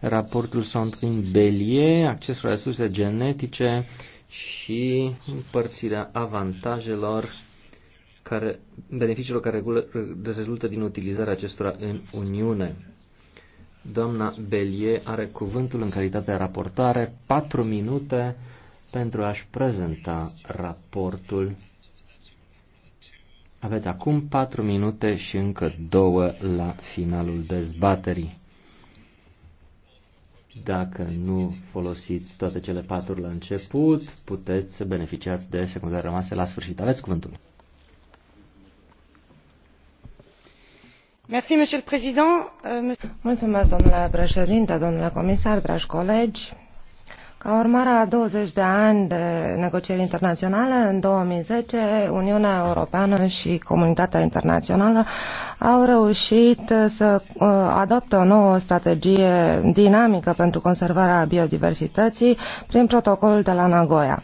raportul în Belie, accesul la resurse genetice și împărțirea avantajelor care, beneficiilor care rezultă din utilizarea acestora în Uniune. Doamna Belie are cuvântul în calitate de raportare, 4 minute pentru a-și prezenta raportul. Aveți acum 4 minute și încă 2 la finalul dezbaterii. Dacă nu folosiți toate cele patru la început, puteți să beneficiați de secundare rămase la sfârșit. Aveți cuvântul. Euh, Mulțumesc, domnule președinte domnule comisar dragi colegi ca urmare a 20 de ani de negocieri internaționale, în 2010 Uniunea Europeană și comunitatea internațională au reușit să uh, adopte o nouă strategie dinamică pentru conservarea biodiversității prin protocolul de la Nagoya.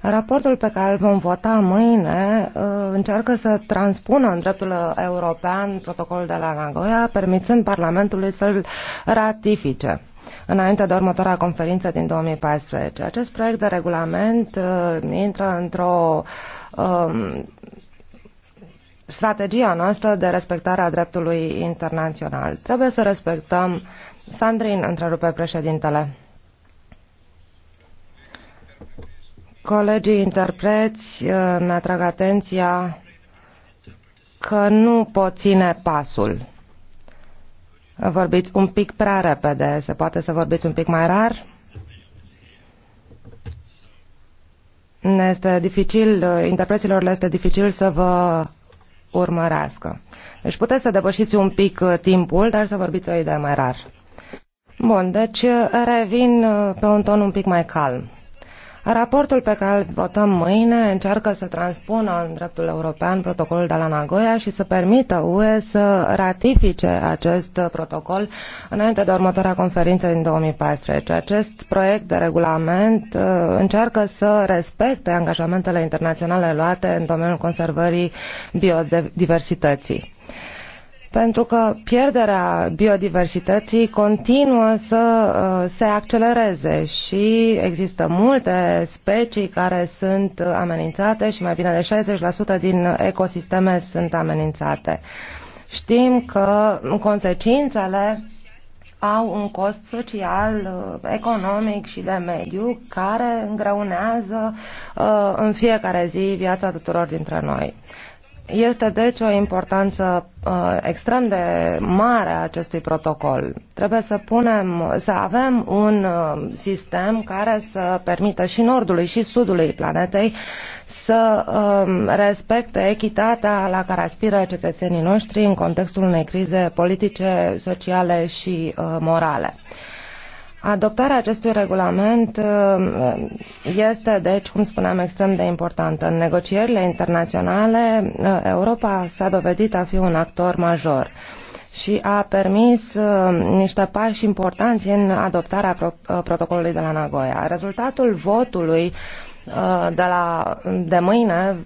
Raportul pe care îl vom vota mâine uh, încearcă să transpună în dreptul european protocolul de la Nagoya, permițând Parlamentului să-l ratifice înainte de următoarea conferință din 2014. Acest proiect de regulament uh, intră într-o um, strategia noastră de respectare a dreptului internațional. Trebuie să respectăm... Sandrin, întrerupe președintele. Colegii interpreți uh, mi-atrag atenția că nu pot ține pasul. Vorbiți un pic prea repede. Se poate să vorbiți un pic mai rar? Ne este dificil, interpreților le este dificil să vă urmărească. Deci puteți să depășiți un pic uh, timpul, dar să vorbiți o idee mai rar. Bun, deci uh, revin uh, pe un ton un pic mai calm. Raportul pe care îl votăm mâine încearcă să transpună în dreptul european protocolul de la Nagoya și să permită UE să ratifice acest protocol înainte de următoarea conferință din 2014. Acest proiect de regulament uh, încearcă să respecte angajamentele internaționale luate în domeniul conservării biodiversității pentru că pierderea biodiversității continuă să uh, se accelereze și există multe specii care sunt amenințate și mai bine de 60% din ecosisteme sunt amenințate. Știm că consecințele au un cost social, uh, economic și de mediu care îngreunează uh, în fiecare zi viața tuturor dintre noi. Este deci o importanță uh, extrem de mare a acestui protocol. Trebuie să punem, să avem un uh, sistem care să permită și nordului și sudului planetei să uh, respecte echitatea la care aspiră cetățenii noștri în contextul unei crize politice, sociale și uh, morale. Uh, Adoptarea acestui regulament uh, este, deci, cum spuneam, extrem de importantă. În negocierile internaționale, uh, Europa s-a dovedit a fi un actor major și a permis uh, niște pași importanți în adoptarea protocolului de la Nagoya. Rezultatul votului de, la, de mâine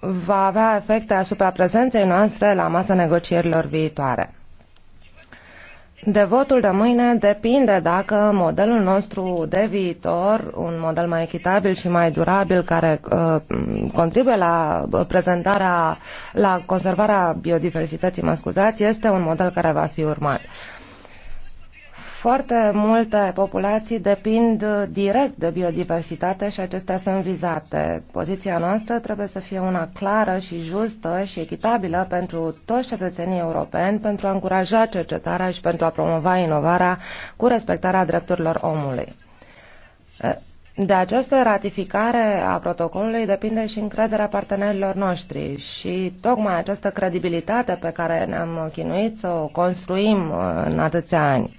va avea efecte asupra prezenței noastre la masa negocierilor viitoare de votul de mâine depinde dacă modelul nostru de viitor, un model mai echitabil și mai durabil care uh, contribuie la prezentarea, la conservarea biodiversității, mă scuzați, este un model care va fi urmat. Uh, foarte multe populații depind uh, direct de biodiversitate și acestea sunt vizate. Poziția noastră trebuie să fie una clară și justă și echitabilă pentru toți cetățenii europeni, pentru a încuraja cercetarea și pentru a promova inovarea cu respectarea drepturilor omului. Uh, de această ratificare a protocolului depinde și încrederea partenerilor noștri și tocmai această credibilitate pe care ne-am chinuit să o construim uh, în atâția ani.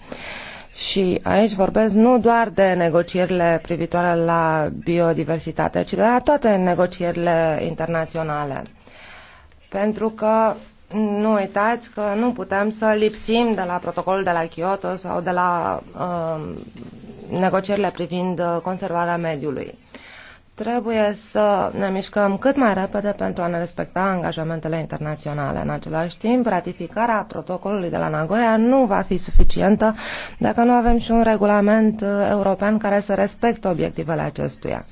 Și aici vorbesc nu doar de negocierile privitoare la biodiversitate, ci de la toate negocierile internaționale. Pentru că nu uitați că nu putem să lipsim de la protocolul de la Kyoto sau de la uh, negocierile privind conservarea mediului. Trebuie să ne mișcăm cât mai repede pentru a ne respecta angajamentele internaționale. În același timp, ratificarea protocolului de la Nagoya nu va fi suficientă dacă nu avem și un regulament uh, european care să respecte obiectivele acestuia.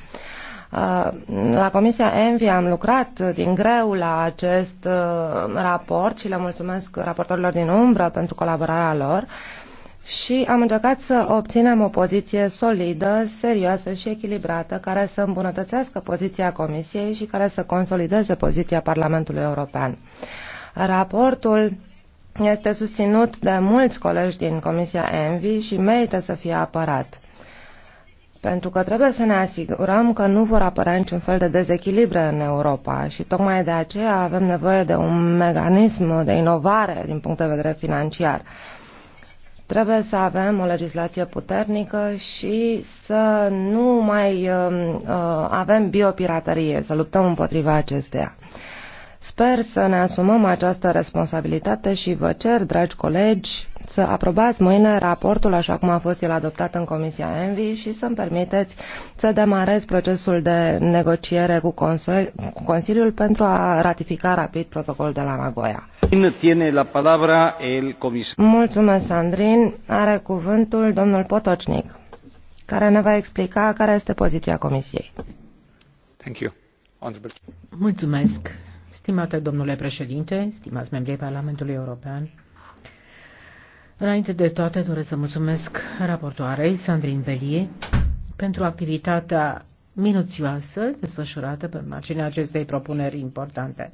Uh, la Comisia Envi am lucrat din greu la acest uh, raport și le mulțumesc raportorilor din umbră pentru colaborarea lor și am încercat să obținem o poziție solidă, serioasă și echilibrată, care să îmbunătățească poziția Comisiei și care să consolideze poziția Parlamentului European. Raportul este susținut de mulți colegi din Comisia ENVI și merită să fie apărat pentru că trebuie să ne asigurăm că nu vor apărea niciun fel de dezechilibre în Europa și tocmai de aceea avem nevoie de un mecanism de inovare din punct de vedere financiar. Trebuie să avem o legislație puternică și să nu mai um, uh, avem biopiraterie, să luptăm împotriva acesteia. Sper să ne asumăm această responsabilitate și vă cer, dragi colegi, să aprobați mâine raportul așa cum a fost el adoptat în Comisia Envi și să-mi permiteți să demarez procesul de negociere cu, Consiliul pentru a ratifica rapid protocolul de la Nagoya. Mulțumesc, Sandrin. Are cuvântul domnul Potocnic, care ne va explica care este poziția Comisiei. Thank you. Mulțumesc, stimate domnule președinte, stimați membrii Parlamentului European. Înainte de toate, doresc să mulțumesc raportoarei Sandrin Belie pentru activitatea minuțioasă desfășurată pe marginea acestei propuneri importante.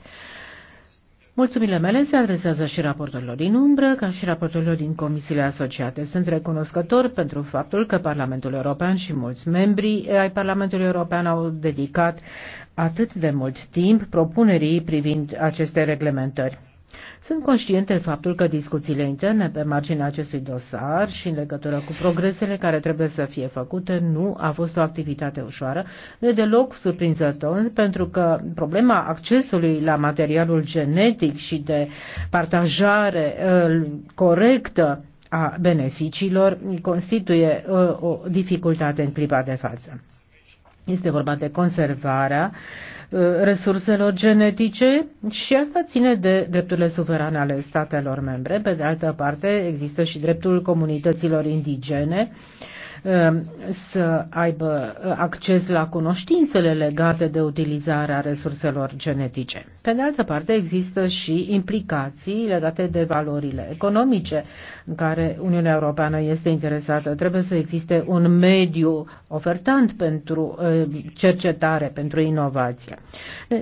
Mulțumirile mele se adresează și raportorilor din umbră, ca și raportorilor din comisiile asociate. Sunt recunoscător pentru faptul că Parlamentul European și mulți membri ai Parlamentului European au dedicat atât de mult timp propunerii privind aceste reglementări. Sunt conștient de faptul că discuțiile interne pe marginea acestui dosar și în legătură cu progresele care trebuie să fie făcute nu a fost o activitate ușoară, Nu de deloc surprinzător, pentru că problema accesului la materialul genetic și de partajare uh, corectă a beneficiilor constituie uh, o dificultate în clipa de față. Este vorba de conservarea Uh, resurselor genetice și asta ține de drepturile suverane ale statelor membre. Pe de altă parte, există și dreptul comunităților indigene uh, Um, să aibă uh, acces la cunoștințele legate de utilizarea resurselor genetice. Pe de altă parte, există și implicații legate de valorile economice în care Uniunea Europeană este interesată. Trebuie să existe un mediu ofertant pentru uh, cercetare, pentru inovație. Uh,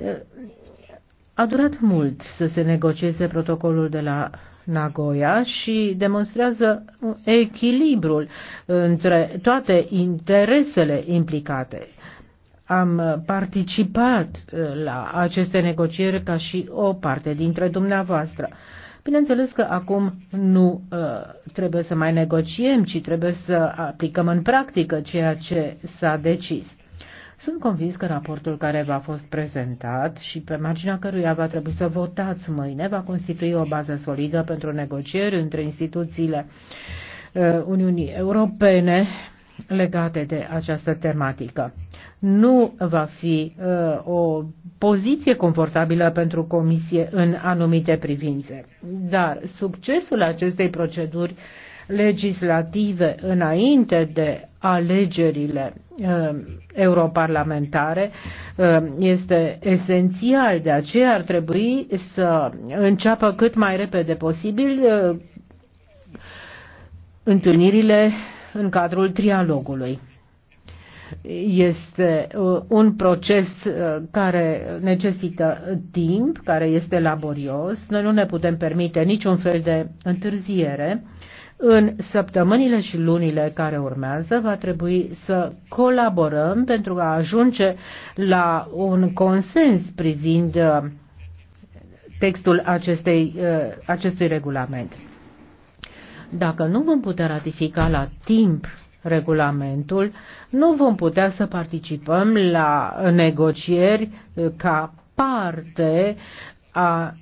a durat mult să se negocieze protocolul de la Nagoya și demonstrează echilibrul între toate interesele implicate. Am participat uh, la aceste negocieri ca și o parte dintre dumneavoastră. Bineînțeles că acum nu uh, trebuie să mai negociem, ci trebuie să aplicăm în practică ceea ce s-a decis. Sunt convins că raportul care v-a fost prezentat și pe marginea căruia va trebui să votați mâine va constitui o bază solidă pentru negocieri între instituțiile uh, Uniunii Europene legate de această tematică. Nu va fi uh, o poziție confortabilă pentru Comisie în anumite privințe, dar succesul acestei proceduri legislative înainte de alegerile uh, europarlamentare uh, este esențial, de aceea ar trebui să înceapă cât mai repede posibil uh, întâlnirile în cadrul trialogului. Este uh, un proces uh, care necesită timp, care este laborios. Noi nu ne putem permite niciun fel de întârziere în săptămânile și lunile care urmează va trebui să colaborăm pentru a ajunge la un consens privind uh, textul acestei, uh, acestui regulament. Dacă nu vom putea ratifica la timp regulamentul, nu vom putea să participăm la negocieri uh, ca parte a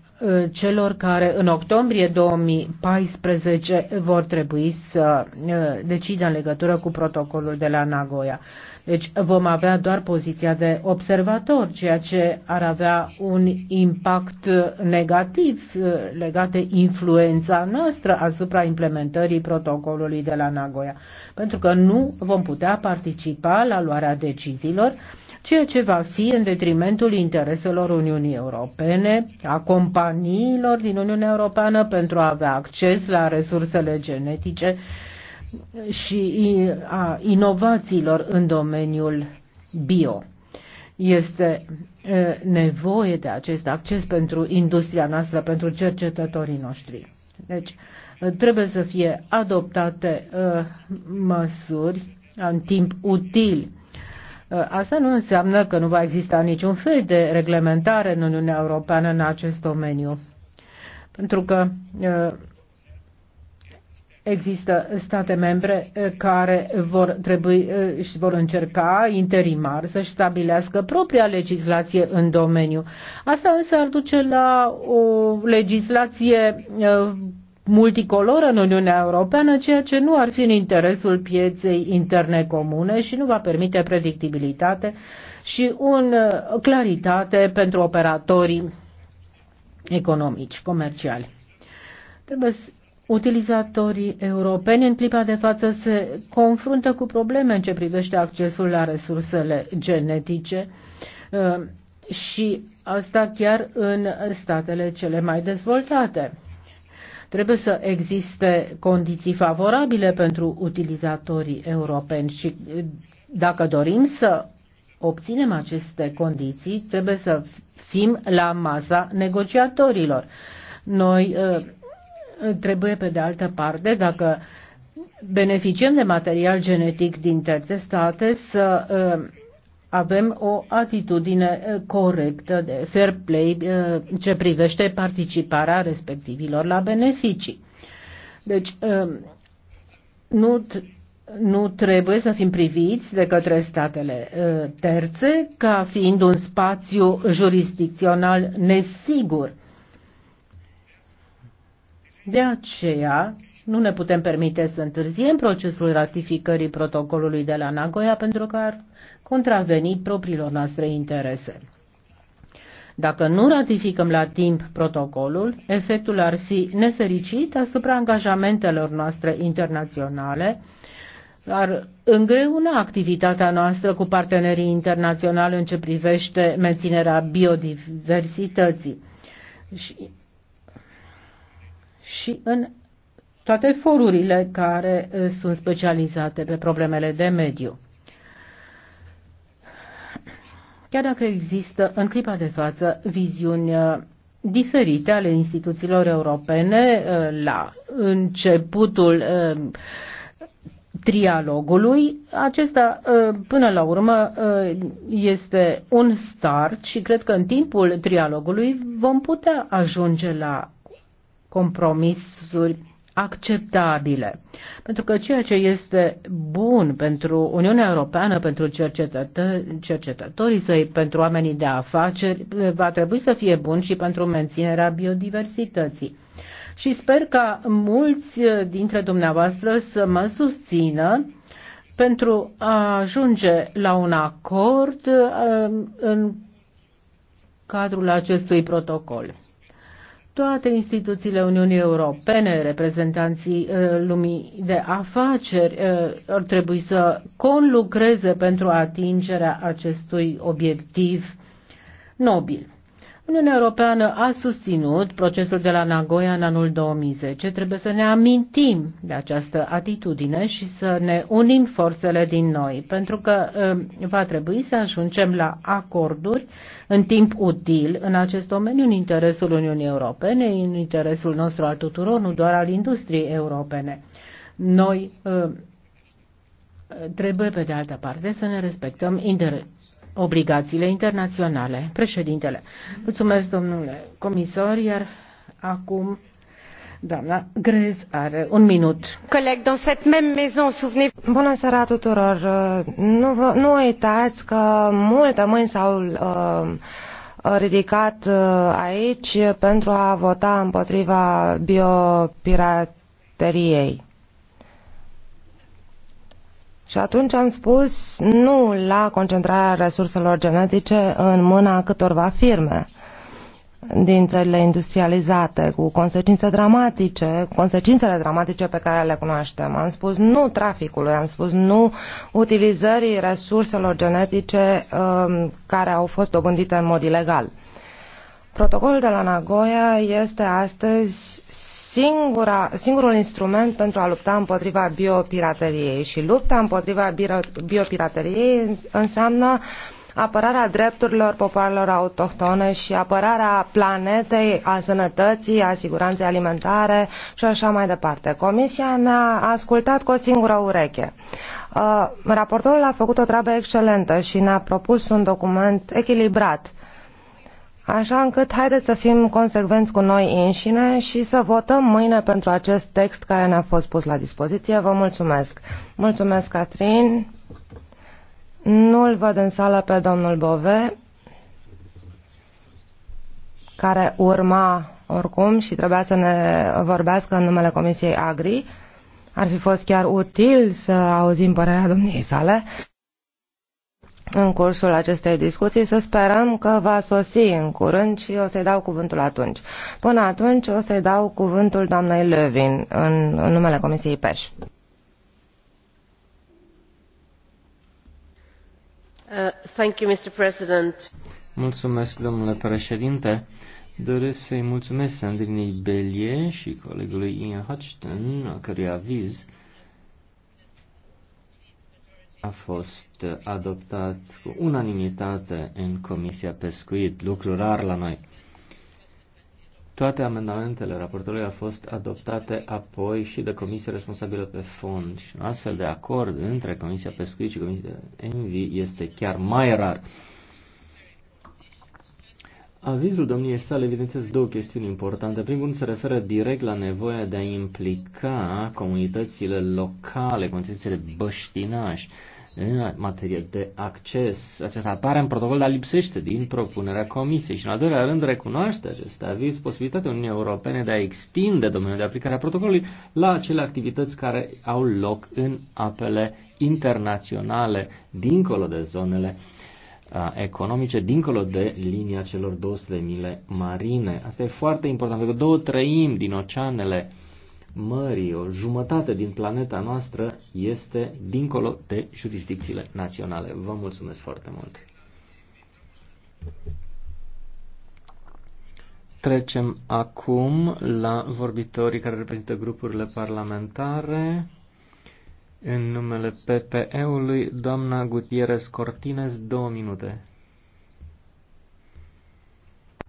celor care în octombrie 2014 vor trebui să uh, decidă în legătură cu protocolul de la Nagoya. Deci vom avea doar poziția de observator, ceea ce ar avea un impact negativ uh, legat de influența noastră asupra implementării protocolului de la Nagoya, pentru că nu vom putea participa la luarea deciziilor ceea ce va fi în detrimentul intereselor Uniunii Europene, a companiilor din Uniunea Europeană pentru a avea acces la resursele genetice și a inovațiilor în domeniul bio. Este nevoie de acest acces pentru industria noastră, pentru cercetătorii noștri. Deci, trebuie să fie adoptate uh, măsuri în timp util Uh, asta nu înseamnă că nu va exista niciun fel de reglementare în Uniunea Europeană în acest domeniu. Pentru că uh, există state membre uh, care vor trebui și vor încerca interimar să-și stabilească propria legislație în domeniu. Asta însă ar duce la o legislație multicolor în Uniunea Europeană, ceea ce nu ar fi în interesul pieței interne comune și nu va permite predictibilitate și un uh, claritate pentru operatorii economici, comerciali. Trebuie să Utilizatorii europeni în clipa de față se confruntă cu probleme în ce privește accesul la resursele genetice uh, și asta chiar în statele cele mai dezvoltate. Trebuie să existe condiții favorabile pentru utilizatorii europeni și dacă dorim să obținem aceste condiții, trebuie să fim la masa negociatorilor. Noi uh, trebuie, pe de altă parte, dacă beneficiem de material genetic din terțe state, să uh, avem o atitudine eh, corectă de fair play eh, ce privește participarea respectivilor la beneficii. Deci eh, nu, nu trebuie să fim priviți de către statele terțe ca fiind un spațiu jurisdicțional nesigur. De aceea, nu ne putem permite să întârziem procesul ratificării protocolului de la Nagoya pentru că ar contraveni propriilor noastre interese. Dacă nu ratificăm la timp protocolul, efectul ar fi nefericit asupra angajamentelor noastre internaționale, ar îngreuna activitatea noastră cu partenerii internaționali în ce privește menținerea biodiversității. Și, și în toate forurile care uh, sunt specializate pe problemele de mediu chiar dacă există în clipa de față viziuni uh, diferite ale instituțiilor europene uh, la începutul uh, trialogului. Acesta, până la urmă, este un start și cred că în timpul trialogului vom putea ajunge la compromisuri acceptabile. Pentru că ceea ce este bun pentru Uniunea Europeană, pentru cercetătă, cercetătorii săi, pentru oamenii de afaceri, va trebui să fie bun și pentru menținerea biodiversității. Și sper ca mulți dintre dumneavoastră să mă susțină pentru a ajunge la un acord uh, în cadrul acestui protocol toate instituțiile Uniunii Europene, reprezentanții uh, lumii de afaceri uh, ar trebui să conlucreze pentru atingerea acestui obiectiv nobil. Uniunea Europeană a susținut procesul de la Nagoya în anul 2010. Trebuie să ne amintim de această atitudine și să ne unim forțele din noi, pentru că um, va trebui să ajungem la acorduri în timp util în acest domeniu, în interesul Uniunii Europene, în interesul nostru al tuturor, nu doar al industriei europene. Noi um, trebuie, pe de altă parte, să ne respectăm interesul obligațiile internaționale. Președintele, mulțumesc domnule comisar, iar acum doamna Grez are un minut. Coleg, dans cette même maison, souvenez Bună seara tuturor! Nu, nu uitați că multe mâini s-au uh, ridicat uh, aici pentru a vota împotriva biopirateriei. Și atunci am spus nu la concentrarea resurselor genetice în mâna câtorva firme din țările industrializate, cu consecințe dramatice, consecințele dramatice pe care le cunoaștem. Am spus nu traficului, am spus nu utilizării resurselor genetice um, care au fost dobândite în mod ilegal. Protocolul de la Nagoya este astăzi singura, singurul instrument pentru a lupta împotriva biopirateriei și lupta împotriva biopirateriei înseamnă apărarea drepturilor popoarelor autohtone și apărarea planetei, a sănătății, a siguranței alimentare și așa mai departe. Comisia ne-a ascultat cu o singură ureche. Uh, raportorul a făcut o treabă excelentă și ne-a propus un document echilibrat uh, Așa încât haideți să fim consecvenți cu noi înșine și să votăm mâine pentru acest text care ne-a fost pus la dispoziție. Vă mulțumesc. Mulțumesc, Catrin. Nu-l văd în sală pe domnul Bove, care urma oricum și trebuia să ne vorbească în numele Comisiei Agri. Ar fi fost chiar util să auzim părerea domniei sale în cursul acestei discuții. Să sperăm că va sosi în curând și o să-i dau cuvântul atunci. Până atunci o să-i dau cuvântul doamnei Lövin în, în numele Comisiei PEș. Uh, thank you, Mr. President. Mulțumesc, domnule președinte. Doresc să-i mulțumesc Sandrinei Belie și colegului Ian Hutchton, a cărui aviz a fost adoptat cu unanimitate în Comisia Pescuit, lucru rar la noi. Toate amendamentele raportului au fost adoptate apoi și de Comisia responsabilă pe fond și un astfel de acord între Comisia Pescuit și Comisia Envi este chiar mai rar. Avizul domniei sale evidențează două chestiuni importante. Primul rând se referă direct la nevoia de a implica comunitățile locale, condițiile băștinași, în materie de acces. Acesta apare în protocol, dar lipsește din propunerea Comisiei. Și în al doilea rând recunoaște acest aviz posibilitatea Uniunii Europene de a extinde domeniul de aplicare a protocolului la acele activități care au loc în apele internaționale, dincolo de zonele uh, economice dincolo de linia celor 200 de mile marine. Asta e foarte important, pentru că două treimi din oceanele mării, o jumătate din planeta noastră este dincolo de jurisdicțiile naționale. Vă mulțumesc foarte mult! Trecem acum la vorbitorii care reprezintă grupurile parlamentare. În numele PPE-ului, doamna Gutierrez Cortines, două minute.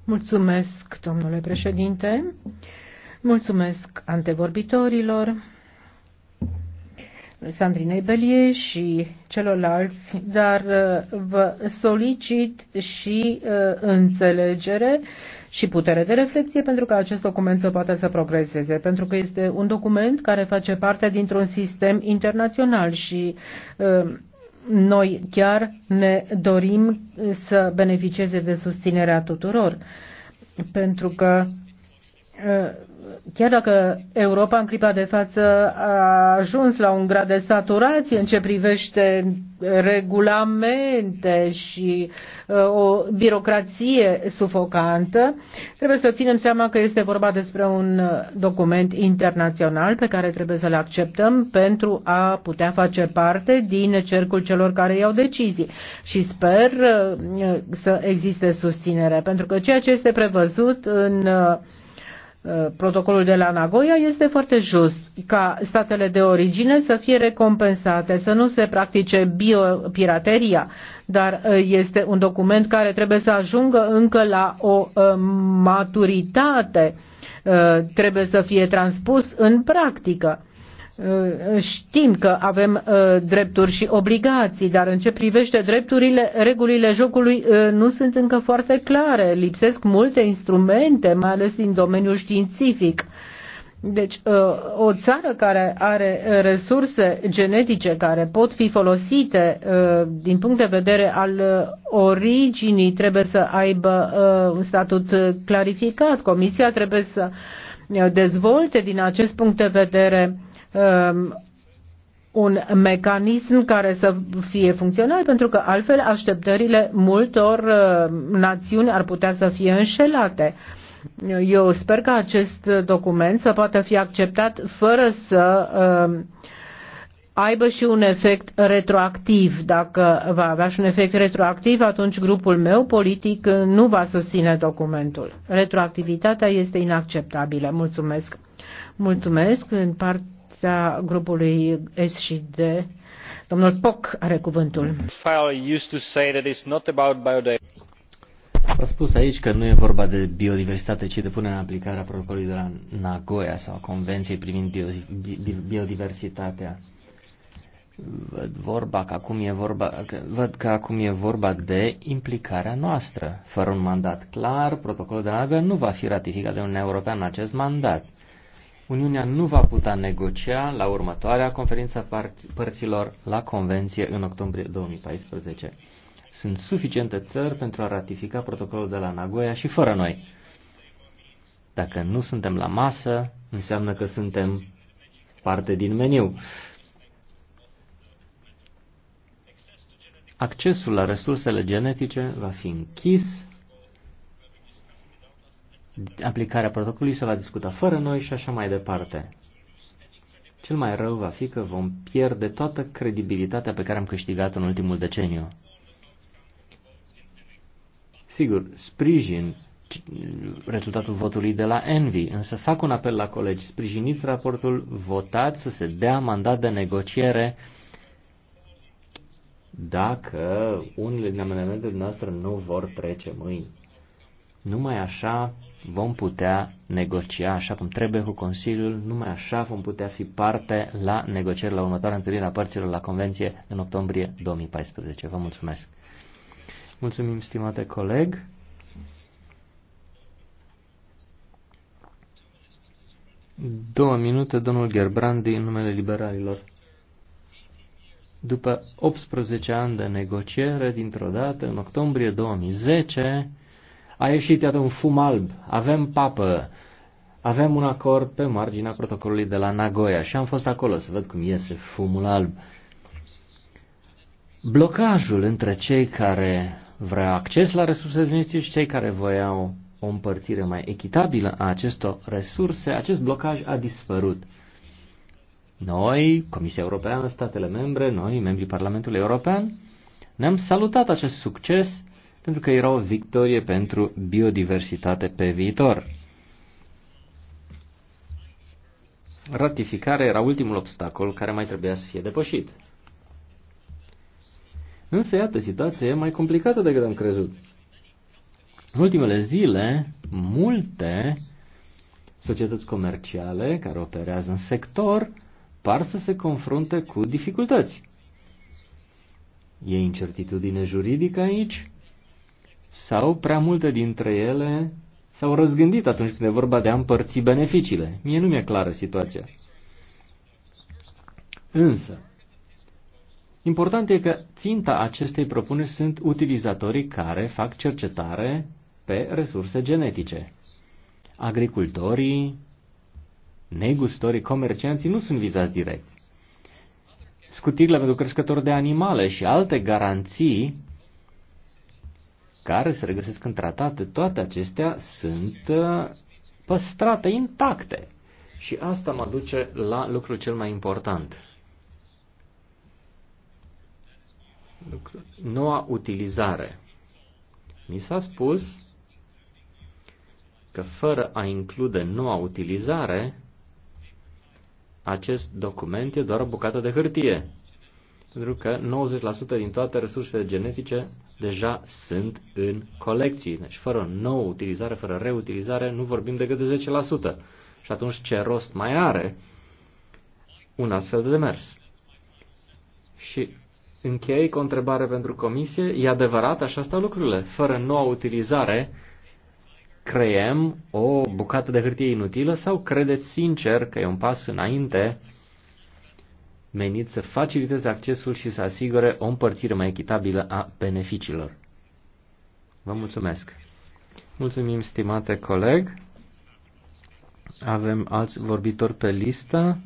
Mulțumesc, domnule președinte. Mulțumesc antevorbitorilor, Sandrinei Belie și celorlalți, dar uh, vă solicit și uh, înțelegere și putere de reflexie pentru că acest document să poată să progreseze, pentru că este un document care face parte dintr-un sistem internațional și uh, noi chiar ne dorim să beneficieze de susținerea tuturor, pentru că uh, chiar dacă Europa în clipa de față a ajuns la un grad de saturație în ce privește regulamente și uh, o birocrație sufocantă, trebuie să ținem seama că este vorba despre un uh, document internațional pe care trebuie să-l acceptăm pentru a putea face parte din cercul celor care iau decizii. Și sper uh, să existe susținere, pentru că ceea ce este prevăzut în Eh, protocolul de la Nagoya este foarte just ca statele de origine să fie recompensate, să nu se practice biopirateria, dar eh, este un document care trebuie să ajungă încă la o eh, maturitate, trebuie să fie transpus în practică. Uh, uh, știm că avem uh, drepturi și obligații, dar în ce privește drepturile, regulile jocului nu sunt încă foarte clare. Lipsesc multe instrumente, mai ales din domeniul științific. Deci, o țară care are resurse genetice care pot fi folosite din punct de vedere al originii trebuie să aibă un statut clarificat. Comisia trebuie să dezvolte din acest punct de vedere Um, un mecanism care să fie funcțional, pentru că altfel așteptările multor uh, națiuni ar putea să fie înșelate. Eu sper că acest document să poată fi acceptat fără să um, aibă și un efect retroactiv. Dacă va avea și un efect retroactiv, atunci grupul meu politic nu va susține documentul. Retroactivitatea este inacceptabilă. Mulțumesc. Mulțumesc. În part fața grupului S și D. Domnul Poc are cuvântul. a spus aici că nu e vorba de biodiversitate, ci de punerea în aplicare a protocolului de la Nagoya sau Convenției privind biodiversitatea. Văd vorba că acum e vorba, că, văd că acum e vorba de implicarea noastră. Fără un mandat clar, protocolul de la Nagoya nu va fi ratificat de Uniunea Europeană în acest mandat. Uniunea nu va putea negocia la următoarea conferință părților la convenție în octombrie 2014. Sunt suficiente țări pentru a ratifica protocolul de la Nagoya și fără noi. Dacă nu suntem la masă, înseamnă că suntem parte din meniu. Accesul la resursele genetice va fi închis aplicarea protocolului se va discuta fără noi și așa mai departe. Cel mai rău va fi că vom pierde toată credibilitatea pe care am câștigat în ultimul deceniu. Sigur, sprijin rezultatul votului de la Envy, însă fac un apel la colegi, sprijiniți raportul, votați să se dea mandat de negociere dacă unele din amendamentele noastre nu vor trece mâini. Numai așa vom putea negocia așa cum trebuie cu Consiliul, numai așa vom putea fi parte la negocieri la următoarea întâlnire a părților la Convenție în octombrie 2014. Vă mulțumesc! Mulțumim, stimate coleg! Două minute, domnul Gerbrandi, în numele liberalilor. După 18 ani de negociere, dintr-o dată, în octombrie 2010, a ieșit, iată, un fum alb. Avem papă. Avem un acord pe marginea protocolului de la Nagoya și am fost acolo să văd cum iese fumul alb. Blocajul între cei care vreau acces la resurse genetice și cei care voiau o împărțire mai echitabilă a acestor resurse, acest blocaj a dispărut. Noi, Comisia Europeană, statele membre, noi, membrii Parlamentului European, ne-am salutat acest succes pentru că era o victorie pentru biodiversitate pe viitor. Ratificarea era ultimul obstacol care mai trebuia să fie depășit. Însă, iată, situația e mai complicată decât am crezut. În ultimele zile, multe societăți comerciale care operează în sector par să se confrunte cu dificultăți. E incertitudine juridică aici, sau prea multe dintre ele s-au răzgândit atunci când e vorba de a împărți beneficiile. Mie nu mi-e clară situația. Însă, important e că ținta acestei propuneri sunt utilizatorii care fac cercetare pe resurse genetice. Agricultorii, negustorii, comercianții nu sunt vizați direct. Scutirile pentru crescători de animale și alte garanții care se regăsesc în tratate, toate acestea sunt uh, păstrate intacte. Și asta mă duce la lucrul cel mai important. noua utilizare. Mi s-a spus că fără a include noua utilizare, acest document e doar o bucată de hârtie. Pentru că 90% din toate resursele genetice deja sunt în colecții. Deci fără nouă utilizare, fără reutilizare, nu vorbim decât de 10%. Și atunci ce rost mai are un astfel de demers? Și închei cu o întrebare pentru comisie. E adevărat, așa stau lucrurile. Fără noua utilizare, creăm o bucată de hârtie inutilă sau credeți sincer că e un pas înainte menit să faciliteze accesul și să asigure o împărțire mai echitabilă a beneficiilor. Vă mulțumesc! Mulțumim, stimate coleg! Avem alți vorbitori pe listă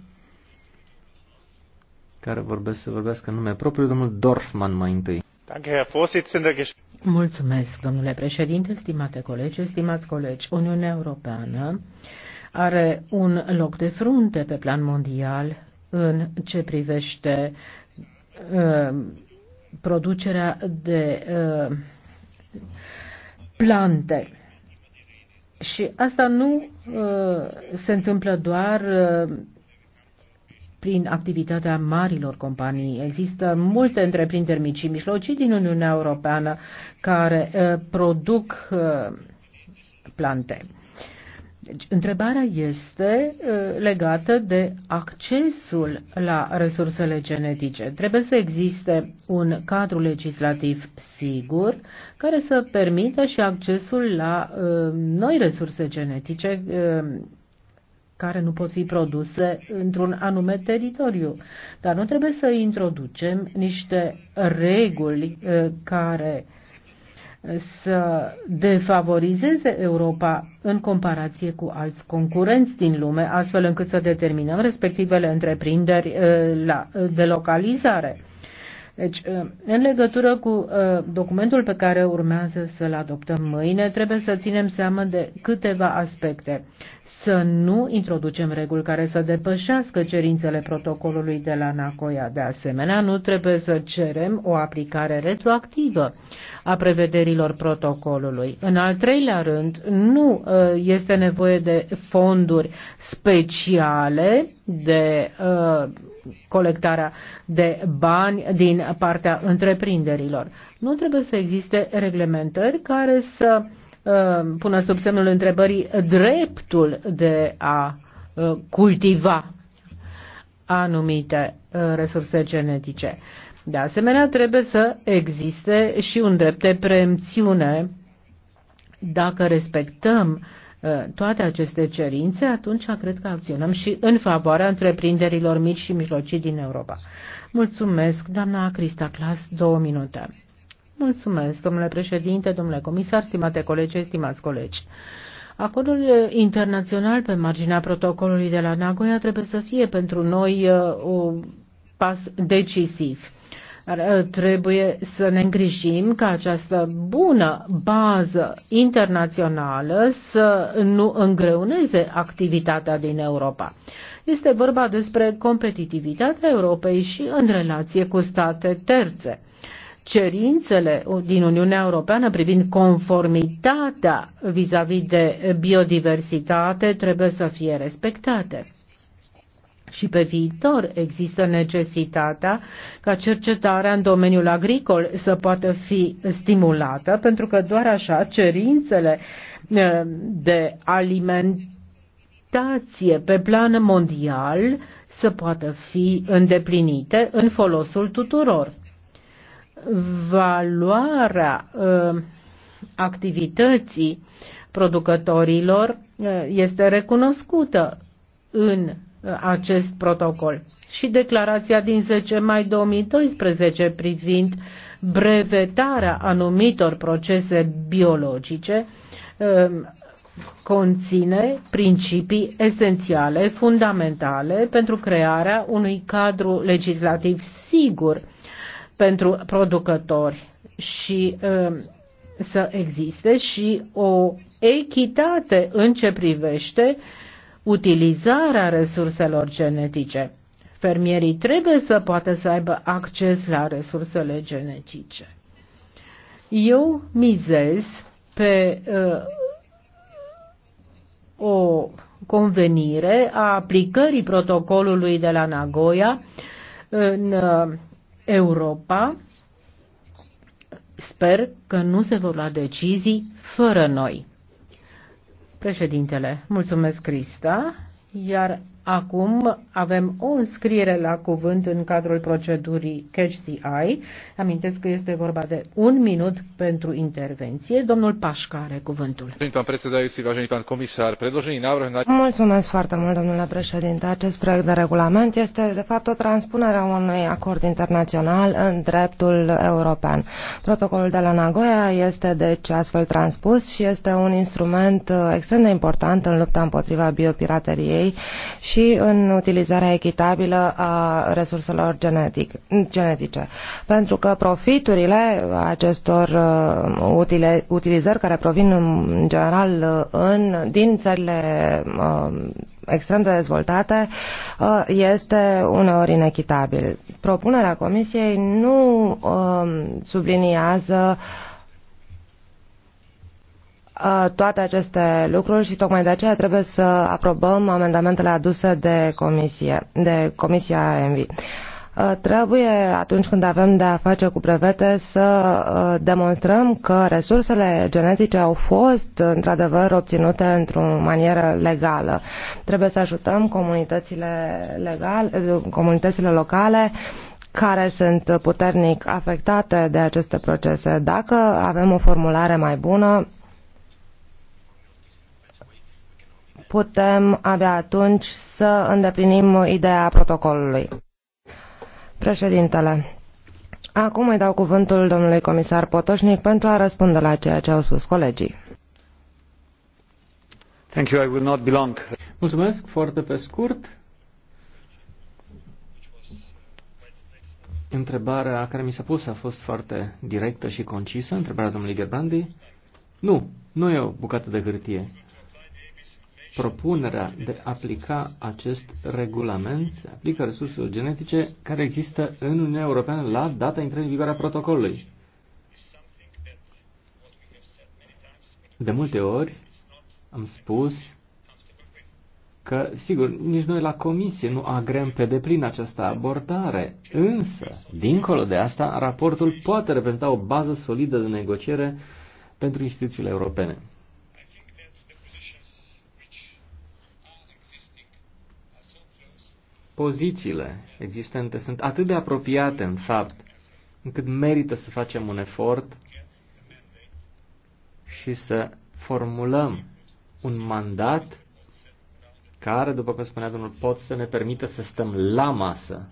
care vorbesc să vorbească în nume propriu, domnul Dorfman mai întâi. Mulțumesc, domnule președinte, stimate colegi, stimați colegi. Uniunea Europeană are un loc de frunte pe plan mondial în ce privește uh, producerea de uh, plante. Și asta nu uh, se întâmplă doar prin activitatea marilor companii. Există multe întreprinderi mici și mijlocii din Uniunea Europeană care uh, produc uh, plante. Deci, întrebarea este uh, legată de accesul la resursele genetice. Trebuie să existe un cadru legislativ sigur care să permită și accesul la uh, noi resurse genetice uh, care nu pot fi produse într-un anume teritoriu. Dar nu trebuie să introducem niște reguli care uh, să defavorizeze Europa în comparație cu alți concurenți din lume, astfel încât să determinăm respectivele întreprinderi eh, la delocalizare. Deci, ă, în legătură cu ă, documentul pe care urmează să-l adoptăm mâine, trebuie să ținem seama de câteva aspecte. Să nu introducem reguli care să depășească cerințele protocolului de la Nacoia, De asemenea, nu trebuie să cerem o aplicare retroactivă a prevederilor protocolului. În al treilea rând, nu ă, este nevoie de fonduri speciale de colectarea de bani din partea întreprinderilor. Nu trebuie să existe reglementări care să uh, pună sub semnul întrebării dreptul de a uh, cultiva anumite uh, resurse genetice. De asemenea, trebuie să existe și un drept de preemțiune dacă respectăm uh, Uh, toate aceste cerințe, atunci cred că acționăm și în favoarea întreprinderilor mici și mijlocii din Europa. Mulțumesc, doamna Crista Clas, două minute. Mulțumesc, domnule președinte, domnule comisar, stimate colegi, stimați colegi. Acordul internațional pe marginea protocolului de la Nagoya trebuie să fie pentru noi uh, un pas decisiv Uh, trebuie să ne îngrijim ca această bună bază internațională să nu îngreuneze activitatea din Europa. Este vorba despre competitivitatea Europei și în relație cu state terțe cerințele din Uniunea Europeană privind conformitatea vis-a-vis -vis de biodiversitate trebuie să fie respectate și pe viitor există necesitatea ca cercetarea în domeniul agricol să poată fi stimulată, pentru că doar așa cerințele eh, de alimentație pe plan mondial să poată fi îndeplinite în folosul tuturor. Valoarea eh, activității producătorilor eh, este recunoscută în acest protocol. Și declarația din 10 mai 2012 privind brevetarea anumitor procese biologice um, conține principii esențiale, fundamentale pentru crearea unui cadru legislativ sigur pentru producători și um, să existe și o echitate în ce privește uh, utilizarea resurselor genetice. Fermierii trebuie să poată să aibă acces la resursele genetice. Eu mizez pe uh, o convenire a aplicării protocolului de la Nagoya în uh, Europa. Sper că nu se vor lua decizii fără noi. Președintele, mulțumesc Crista, iar Acum avem o înscriere la cuvânt în cadrul procedurii Catch the Eye. Amintesc că este vorba de un minut pentru intervenție. Domnul Pașca are cuvântul. Mulțumesc foarte mult, domnule președinte. Acest proiect de regulament este, de fapt, o transpunere a unui acord internațional în dreptul european. Protocolul de la Nagoya este, deci, astfel transpus și este un instrument uh, extrem de important în lupta împotriva biopirateriei și și în utilizarea echitabilă a resurselor genetic, genetice. Pentru că profiturile acestor uh, utile, utilizări care provin în general uh, în, din țările uh, extrem de dezvoltate este uneori inechitabil. Propunerea Comisiei nu subliniază uh, Uh, toate aceste lucruri și tocmai de aceea trebuie să aprobăm amendamentele aduse de, comisie, de Comisia ENVI. Uh, trebuie, atunci când avem de a face cu brevete, să uh, demonstrăm că resursele genetice au fost, într-adevăr, obținute într-o manieră legală. Trebuie să ajutăm comunitățile, legal, comunitățile locale care sunt puternic afectate de aceste procese. Dacă avem o formulare mai bună, putem abia atunci să îndeplinim ideea protocolului. Președintele, acum îi dau cuvântul domnului comisar Potoșnic pentru a răspunde la ceea ce au spus colegii. Thank you, I will not be long. Mulțumesc, foarte pe scurt. Întrebarea care mi s-a pus a fost foarte directă și concisă, întrebarea domnului Gerbrandi. Nu, nu e o bucată de hârtie propunerea de a aplica acest regulament, se aplică resursele genetice care există în Uniunea Europeană la data intrării în vigoare a protocolului. De multe ori am spus că, sigur, nici noi la comisie nu agrem pe deplin această abordare, însă, dincolo de asta, raportul poate reprezenta o bază solidă de negociere pentru instituțiile europene. pozițiile existente sunt atât de apropiate, în fapt, încât merită să facem un efort și să formulăm un mandat care, după cum spunea domnul Pot, să ne permită să stăm la masă.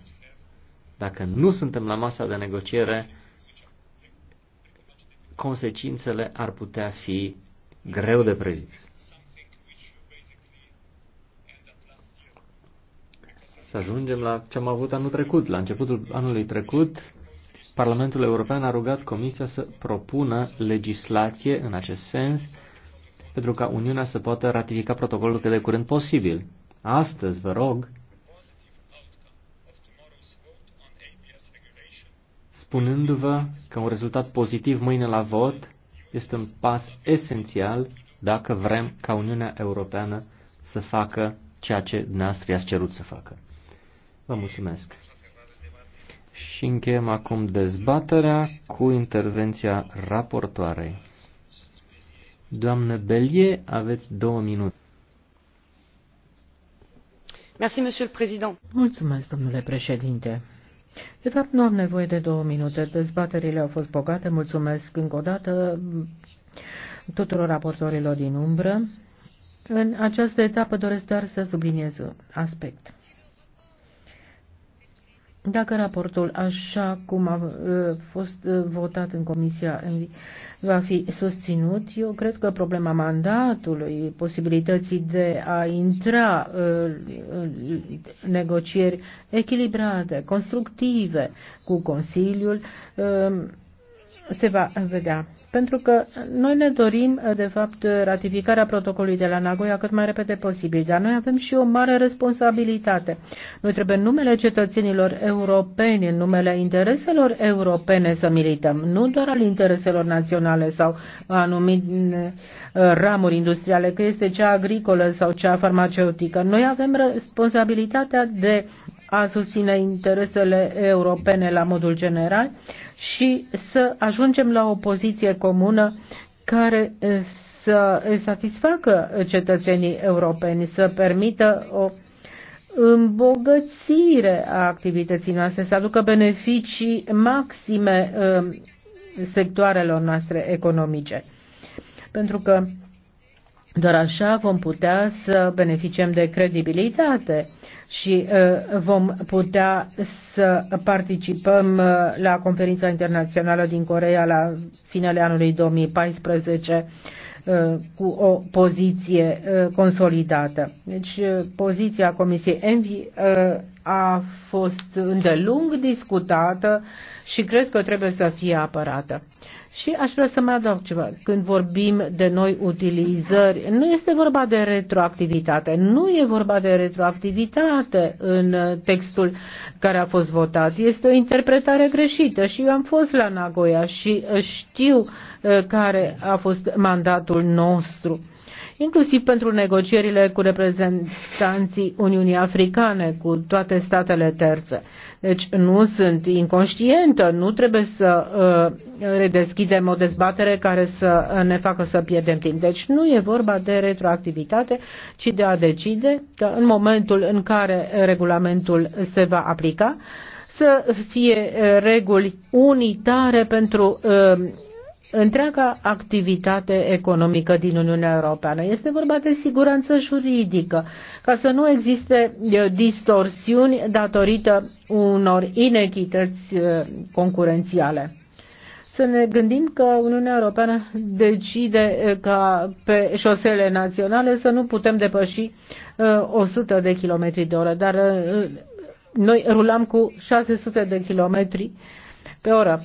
Dacă nu suntem la masa de negociere, consecințele ar putea fi greu de prezis. să ajungem la ce am avut anul trecut. La începutul anului trecut, Parlamentul European a rugat Comisia să propună legislație în acest sens pentru ca Uniunea să poată ratifica protocolul cât de curând posibil. Astăzi, vă rog, spunându-vă că un rezultat pozitiv mâine la vot este un pas esențial dacă vrem ca Uniunea Europeană să facă ceea ce dumneavoastră i-ați cerut să facă. Vă mulțumesc. Și încheiem acum dezbaterea cu intervenția raportoarei. Doamnă Belie, aveți două minute. Mulțumesc, domnule președinte. De fapt, nu am nevoie de două minute. Dezbaterile au fost bogate. Mulțumesc încă o dată tuturor raportorilor din umbră. În această etapă doresc doar să subliniez un aspect. Dacă raportul, așa cum a uh, fost uh, votat în Comisia ENVI, va fi susținut, eu cred că problema mandatului, posibilității de a intra în uh, negocieri echilibrate, constructive cu Consiliul, se va vedea. Pentru că noi ne dorim, de fapt, ratificarea protocolului de la Nagoya cât mai repede posibil, dar noi avem și o mare responsabilitate. Noi trebuie în numele cetățenilor europeni, în numele intereselor europene să milităm, nu doar al intereselor naționale sau anumit uh, ramuri industriale, că este cea agricolă sau cea farmaceutică. Noi avem responsabilitatea de a susține interesele europene la modul general și să ajungem la o poziție comună care să satisfacă cetățenii europeni, să permită o îmbogățire a activității noastre, să aducă beneficii maxime um, sectoarelor noastre economice. Pentru că doar așa vom putea să beneficiem de credibilitate și uh, vom putea să participăm uh, la conferința internațională din Corea la finele anului 2014 uh, cu o poziție consolidată. Deci poziția Comisiei Envi a fost îndelung discutată și cred că trebuie să fie apărată. Și aș vrea să mai adaug ceva. Când vorbim de noi utilizări, nu este vorba de retroactivitate. Nu e vorba de retroactivitate în textul care a fost votat. Este o interpretare greșită și eu am fost la Nagoya și știu uh, care a fost mandatul nostru. Uh, inclusiv pentru negocierile cu reprezentanții Uniunii Africane, cu toate statele terțe. Deci nu sunt inconștientă, nu trebuie să uh, redeschidem o dezbatere care să uh, ne facă să pierdem timp. Deci nu e vorba de retroactivitate, ci de a decide că în momentul în care regulamentul se va aplica, să fie uh, reguli unitare pentru uh, întreaga activitate economică din Uniunea Europeană. Este vorba de siguranță juridică, ca să nu existe distorsiuni datorită unor inechități concurențiale să ne gândim că Uniunea Europeană decide ca pe șosele naționale să nu putem depăși 100 de kilometri de oră, dar noi rulam cu 600 de kilometri pe oră.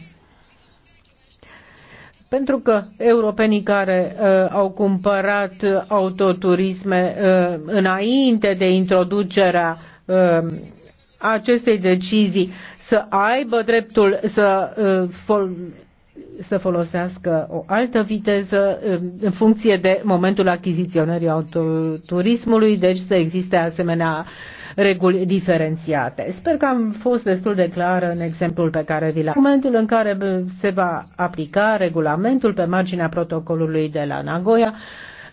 Pentru că europenii care uh, au cumpărat autoturisme uh, înainte de introducerea uh, acestei decizii să aibă dreptul să, uh, fol- să folosească o altă viteză uh, în funcție de momentul achiziționării autoturismului, deci să existe asemenea uh, reguli diferențiate. Sper că am fost destul de clară în exemplul pe care vi l-am. Momentul în care se va aplica regulamentul pe marginea protocolului de la Nagoya,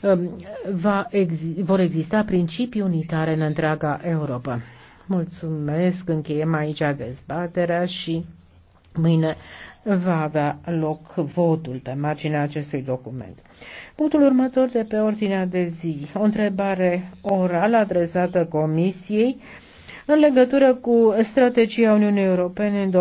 um, va ex- vor exista principii unitare în întreaga Europa. Mulțumesc, încheiem aici dezbaterea și mâine va avea loc votul pe marginea acestui document. Punctul următor de pe ordinea de zi. O întrebare orală adresată Comisiei în legătură cu strategia Uniunii Europene în